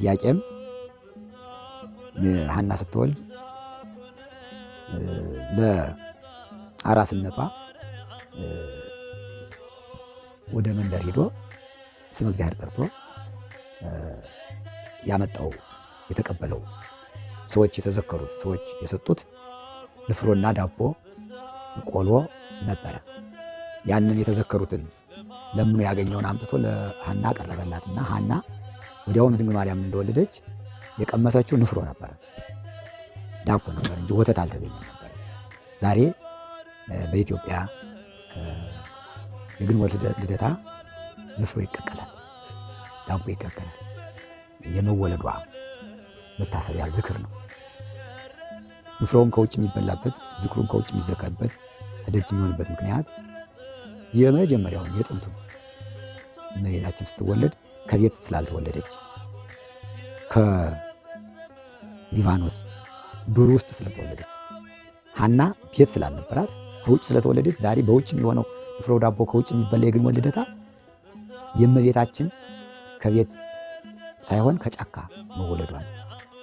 ጥያቄም ሀና ስትወልድ ለአራስነቷ ወደ መንደር ሄዶ ስመ እግዚአብሔር ጠርቶ ያመጣው የተቀበለው ሰዎች የተዘከሩት ሰዎች የሰጡት ንፍሮና ዳቦ ቆሎ ነበረ። ያንን የተዘከሩትን ለምኑ ያገኘውን አምጥቶ ለሐና ቀረበላትና ሀና? ወዲያውም ድንግል ማርያም እንደወለደች የቀመሰችው ንፍሮ ነበረ፣ ዳቦ ነበር እንጂ ወተት አልተገኘም ነበር። ዛሬ በኢትዮጵያ የግንቦት ልደታ ንፍሮ ይቀቀላል፣ ዳቦ ይቀቀላል። የመወለዷ መታሰቢያ ዝክር ነው። ንፍሮውን ከውጭ የሚበላበት ዝክሩን ከውጭ የሚዘከርበት ደጅ የሚሆንበት ምክንያት የመጀመሪያውን የጥንቱ እመቤታችን ስትወለድ ከቤት ስላልተወለደች ከሊባኖስ ዱር ውስጥ ስለተወለደች ሀና ቤት ስላልነበራት ከውጭ ስለተወለደች ዛሬ በውጭ የሚሆነው ንፍሮ ዳቦ ከውጭ የሚበላ የግን ወልደታ የእመቤታችን ከቤት ሳይሆን ከጫካ መወለዷል።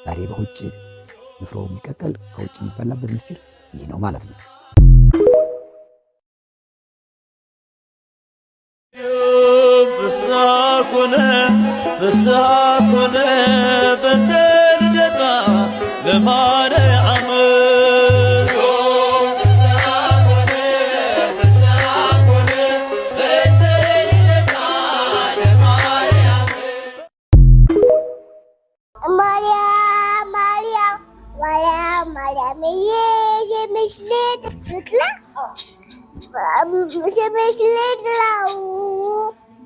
ዛሬ በውጭ ንፍሮ የሚቀቀል ከውጭ የሚበላበት ምስጢር ይህ ነው ማለት ነው። ኮነ ፍስሐ ኮነ በደል ደጋ ለማርያም Semis litlau. Semis litlau.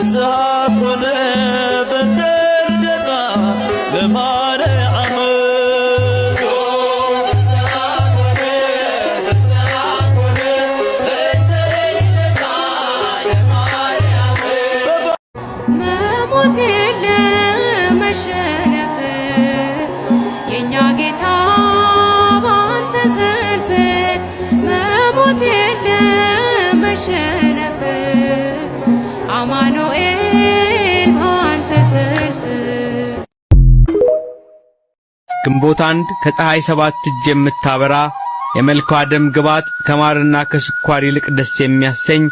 ተሳኮለ በተልደታ ለማርያም መሞት የለ መሸነፍ ጌታ ባንተ ግንቦት አንድ ከፀሐይ ሰባት እጅ የምታበራ የመልኳ ደም ግባት ከማርና ከስኳር ይልቅ ደስ የሚያሰኝ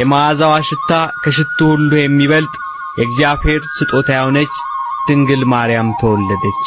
የመዓዛዋ ሽታ ከሽቱ ሁሉ የሚበልጥ የእግዚአብሔር ስጦታ የሆነች ድንግል ማርያም ተወለደች።